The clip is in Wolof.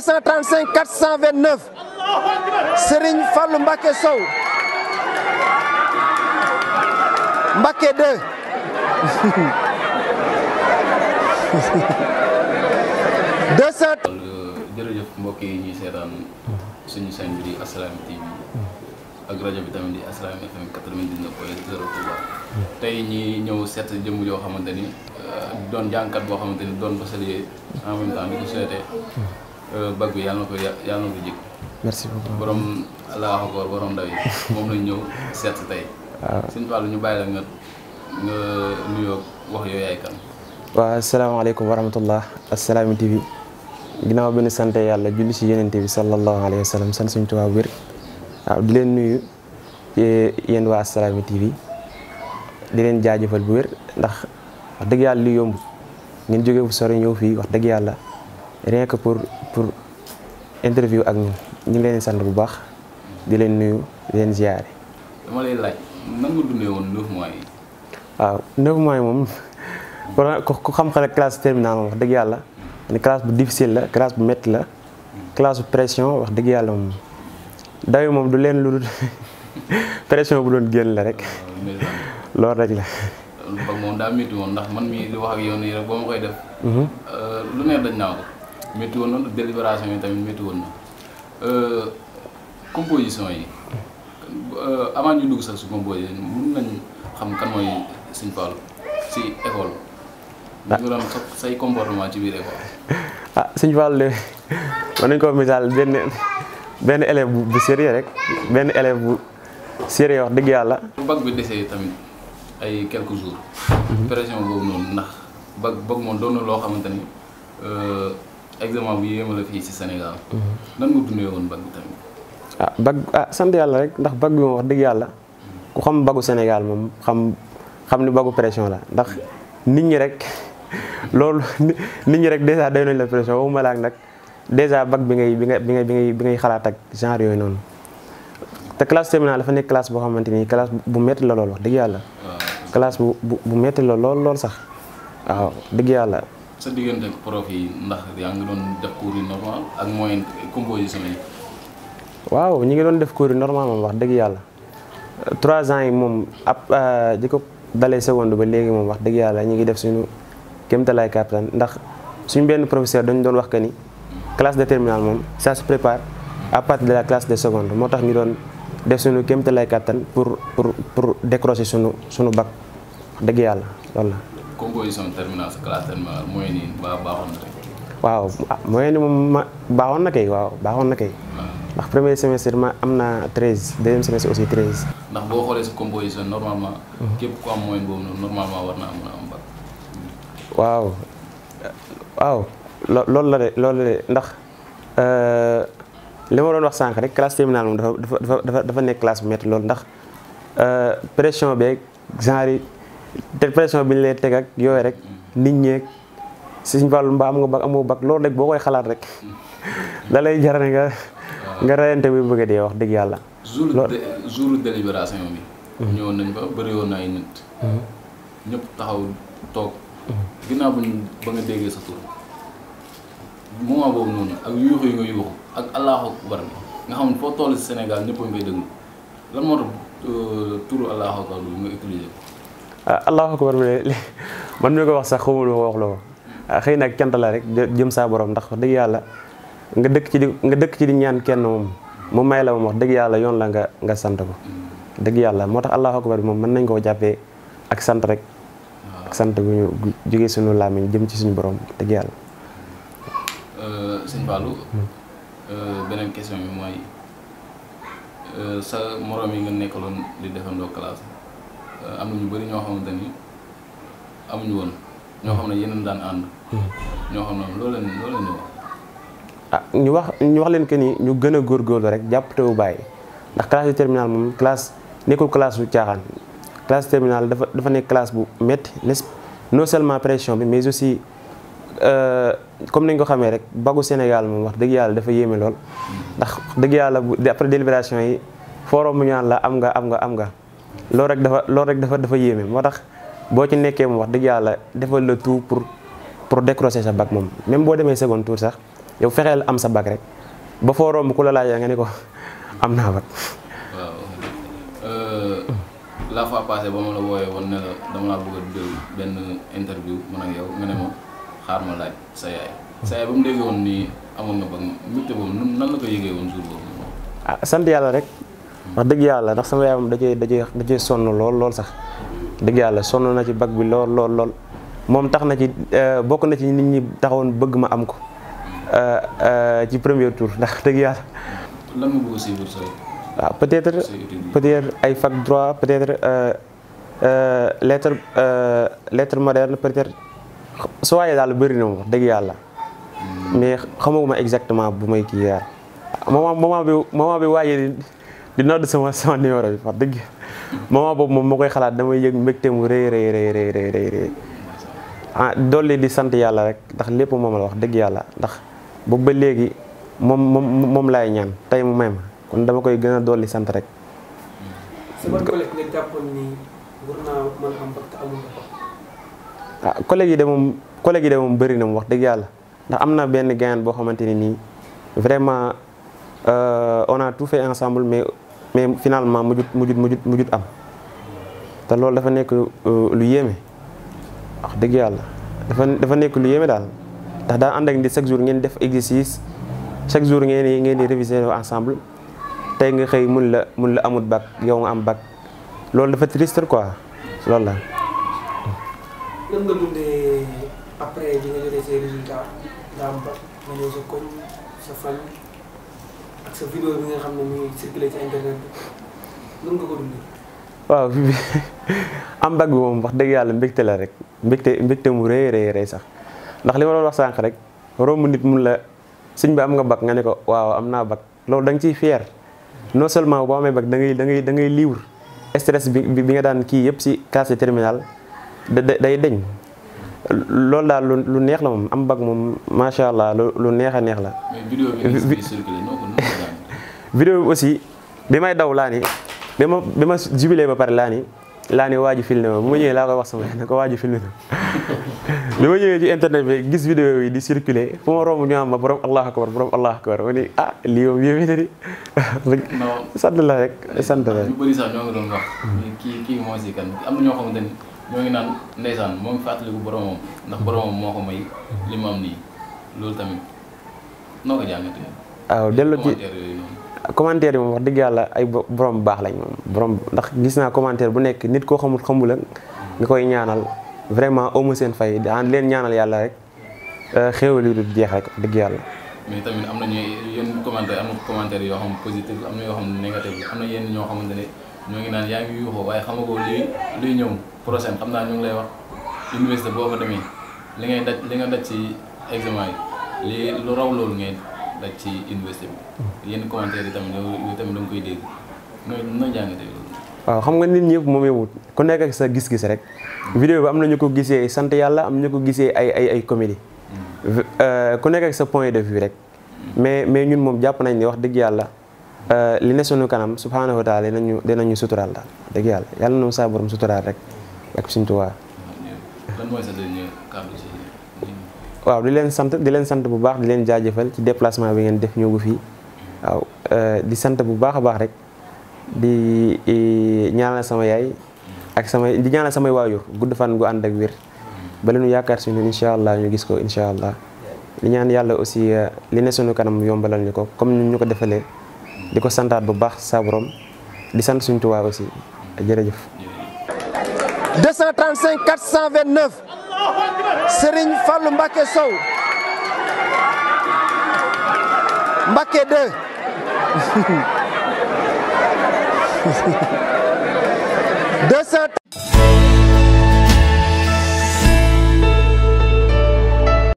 235 429 Serigne Fallou Mbacké Sow Mbacké 2 200. jërëjëf mbokk yi ñuy seetaan suñu chaîne bi di Assalaamy TV ak rajo bi tamit di Assalaamy FM 99 point 0 tey ñi ñëw seet jëmm yoo xamante ni euh, doon jànkat boo xamante ni doon basalier en même temps di ko seetee Euh, bag bi borom allah akbar borom ndaw yi moom lañ ñëw seet tey. waaw suñu wàllu ñu bàyyi la nga nga nuyoo wax yooyu yaay kan. waaw asalaamaaleykum wa rahmatullah Assalaamy TV ginnaaw bi ñu sant yàlla julli si yenente bi sallallahu alayhi wa sallam sant suñu tubaab wér waaw di leen nuyu yéen waa Assalaamy TV di leen jaajëfal bu wér ndax wax dëgg yàlla li yomb ngeen jógee bu sori ñëw fii wax dëgg yàlla rien que pour. pour interview ak ñun ñu leen di sant bu baax di leen nuyu di leen ziare. yi. waaw neuf mois yi moom ku xam-xam classe terminale moom wax dëgg yàlla classe bu difficile la classe bu métti la classe bu pression dëgg yàlla moom dawe moom du leen lu pression bu doon génn la rek loolu rek la. métti woon na délibération yi tamit métti woon na euh, composition yi euh, avant ñu dugg sax su composé mën nañ xam kan mooy Sëñ Fallou si école. ah ñu doon say comportement ci biir école. ah Sëñ Fallou de mën nañu ko misaal benn benn élève bu sérieux rek benn élève bu sérieux wax dëgg yàlla. bac bi desee tamit ay quelques jour mhm. pression boobu noonu ndax bac bac moom doon loo xamante ni. Euh, examen bu yéema la fii ci Sénégal. Mhm. nan nga dundee woon bag bi tamit. ah bag ah, sant yàlla rek ndax bag bi moom wax dëgg yàlla ku xam bagu Sénégal moom xam ni bagu pression la ndax nit ñi rek loolu nit ñi rek dèjà day nañ la pression waxuma nag dèjà bag bi ngay bi ngay bi ngay bi ngay xalaat ak genre yooyu noonu. te classe dafa nekk classe boo xamante ni classe bu metti la lool wax dëgg yàlla. classe bu bu bu la lool lool sax waaw dëgg yàlla. sa diggante ak ndax yaa ngi doon def cours normal ak moyen composition yi. waaw ñi ngi doon def cours yi normal moom wax dëgg yàlla trois ans yi moom ab euh, di ko dalee seconde ba léegi moom wax dëgg yàlla ñu ngi def suñu kéemtalaay kàttan ndax suñu benn professeur dañu doon wax que ni classe de terminale moom ça se prépare à partir de la classe de seconde moo tax ñu doon def suñu kéemtalaay kàttan pour pour pour décrocher suñu suñu bac dëgg yàlla loolu composition terminale mooy nii moom ma na kay waaw baaxoon na kay. Ah. ndax premier semestre ma am na treize deuxième semestre aussi treize. ndax boo xoolee sa composition normalement. Mhm. képp ku am moyen boobu noonu normalement a am de loolu la de ndax euh, li ma doon wax sànq rek classe terminale moom dafa dafa dafa dafa nekk classe bu loolu ndax euh, pression beeg genre. te pression bi ñu lay teg ak yooyu rek nit ñeeg suñ wàllu mbaa am nga bag amoo bag loolu rek boo koy xalaat rek da lay jar ne nga reyante bi bëgg dee wax dëgg yàlla. jour de bi. Hmm. ñëwoon nañ ba bëri woon na ay nit. Hmm. ñëpp taxaw toog. Hmm. ginnaaw ba ba nga déggee sa tur moment boobu noonu ak yuuxu yi nga yuuxu ak allahu akbar bi nga xam ne foo toll si Sénégal ñëpp ngi koy déglu lan moo tax euh, turu allahu akbar bi nga utilisé ko. Ah, allahu akbar bi man mi ko wax sax xawma lu ma wax loo ah, xëy na ak cant la rek jëm saa boroom ndax dëgg yàlla nga dëkk ci di nga dëkk ci di ñaan kenn moom mu may la moom wax dëgg yàlla yoon la nga nga sant ko dëgg yàlla moo tax allahu akbar bi moom mën nañ koo jàppee ak sant rek ak sant gu ñu jógee suñu làmmiñ jëm ci suñu borom dëgg yàlla euh, sëñ Fallou hmm. euh, euh, sa morom yi nga nekkaloon di defandoo classe am na ñu bëri ñoo xamante woon ñoo xam ne yeneen daan ànd. ñoo xam ne loolu leen loolu leen di wax. ah ñu wax ñu wax leen que ni ñu gën a góorgóorlu rek jàpp wu bàyyi ndax classe yu terminale moom classe nekkul classe yu caaxaan classe terminale dafa dafa nekk classe bu métti non seulement pression bi mais aussi euh, comme nañ ko xamee rek bagu Sénégal moom wax dëgg yàlla dafa yéeme lool ndax dëgg yàlla bu après délibération yi forum mu ñaan la am nga am nga am nga. loolu rek dafa lool rek dafa dafa yéeme moo tax boo ci nekkee mu wax dëgg yàlla defal la tout pour pour sa bac moom même boo demee second tour sax yow fexeel am sa bag rek ba foo romb ku la laaj laajee nga ni ko am naa bac. Euh, la fois la wooyee woon ne la dama laa bëgg a benn interview man ak yow nga ne ma xaar ma laaj sa yaay sa yaay ba mu déggee woon nii amoon na ba mbégte boobu nan ko yëgee woon jour boobu. ah sant yàlla rek wax dëgg yàlla ndax sama yaay moom da cee da cee sonn lool lool sax dëgg yàlla sonn na ci bag bi lool lool lool moom tax na ci euh, bokk na ci nit ñi taxawoon bëgg ma am ko euh, euh, ci première tour ndax dëgg yàlla. lan nga bëgg si waaw ah, peut-être peut-être ay fac droit peut-être lettre lettre moderne peut-être soo waaye daal bëri na moom dëgg yàlla. Hmm. mais xamaguma exactement bu may kii yaar moment moment bi moment bi waaye. di nodd sama sama numéro bi wax dëgg moment boobu moom ma koy xalaat damay yëg mu rëy rëy rëy rëy rëy ah, dolli di sant yàlla rek ndax lépp moom la wax dëgg yàlla ndax boobu ba léegi moom laay ñaan tey mu kon dama koy gën a dolli sant rek. ah collègue yi de moom collègue na mu wax dëgg yàlla ndax am na benn gain boo xamante ne nii vraiment euh, on a tout fait ensemble mais finalement mujjut mujjut mujjut mujjut am te loolu dafa nekk euh, lu yéeme wax dëgg yàlla dafa dafa nekk lu yéeme daal ndax daa ànd ak ni chaque jour ngeen def exercice chaque jour ngeen di ngeen di réviser ensemble tey nga xëy mun la mun la amut bac yow nga am bac loolu dafa triste quoi loolu la. ak sa vidéo waaw am mbag bi moom wax dëgg yàlla mbégte la rek mbégte mu rëy rëy rëy sax ndax li ma doon wax sànq rek romb nit mun la sëñ bi am nga bag nga ne ko waaw am naa bag loolu danga nga ciy fier non seulement boo amee bac da ngay da ngay da ngay libre bi bi nga daan kii yëpp si classe terminal day deñ loolu daal lu neex la moom am bac moom macha allah lu neex a neex la. vidéo bi aussi bi may daw laa ni bi ma bi ma jubilé ba pare laa ni laa ni waaju filmé ma bu ma ñëwee laa koy wax sama ne ko waaju filmé ma bi ma ñëwee ci internet bi gis vidéo yi di circuler fu ma romb ñu am ma borom allahu akbar borom allahu akbar ma ni ah lii moom yéeme na di sant la rek sant la rek ñu bëri sax ñoo ngi kii kii moo si kan na ñoo xamante ni ñoo ndax boromam moo ko may li mu am nii loolu tamit noo ko jàngatee waaw commentaire yi moom wax dëgg yàlla ay borom baax lañ moom borom ndax gis naa commentaire bu nekk nit koo xamul xamul la nga koy ñaanal vraiment amu seen fay daan leen ñaanal yàlla rek euh, xéewal yi du jeex rek dëgg yàlla. mais tamit am na ñu yenn commentaire am na commentaire yoo xam positif am na yoo xam ne négatif am na yenn ñoo xamante ne ñoo ngi naan yaa ngi yuuxoo waaye xamagoo luy luy ñëw prochaine xam naa ñu ngi lay wax université boo fa demee li ngay daj ci université bi yenn commentaire yi waaw xam nga nit ñëpp moom yowut ku nekk ak sa gis-gis rek. vidéo bi am na ñu ko gisee sant yàlla am na ñu ko gisee ay ay ay comédie. Hmm. Euh, ku nekk ak sa point de vue rek. Hmm. mais mais ñun moom jàpp nañ ni wax dëgg yàlla euh, li ne sunu kanam subhaanahu wa taala ñu dinañu suturaal daal dëgg yàlla yàlla na ma saa suturaal rek ak suñu Tuubaa. waaw di leen sant di leen sant bu baax di leen jaajëfal ci déplacement bi ngeen def ñëw fii waaw euh, di sant bu baax a baax rek di ñaanal sama yaay ak samay di ñaanal samay waajur gudd fan gu ànd ak wér ba leenu yaakaar suñu incha allah ñu gis ko incha allah di ñaan yàlla aussi euh, li ne suñu kanam yombalal ñu ko comme ñu ko defalee di ko santaat bu baax sa di sant suñu Tuubaa aussi jërëjëf 235 429 Serigne Fallou Mbacké Sow Mbacké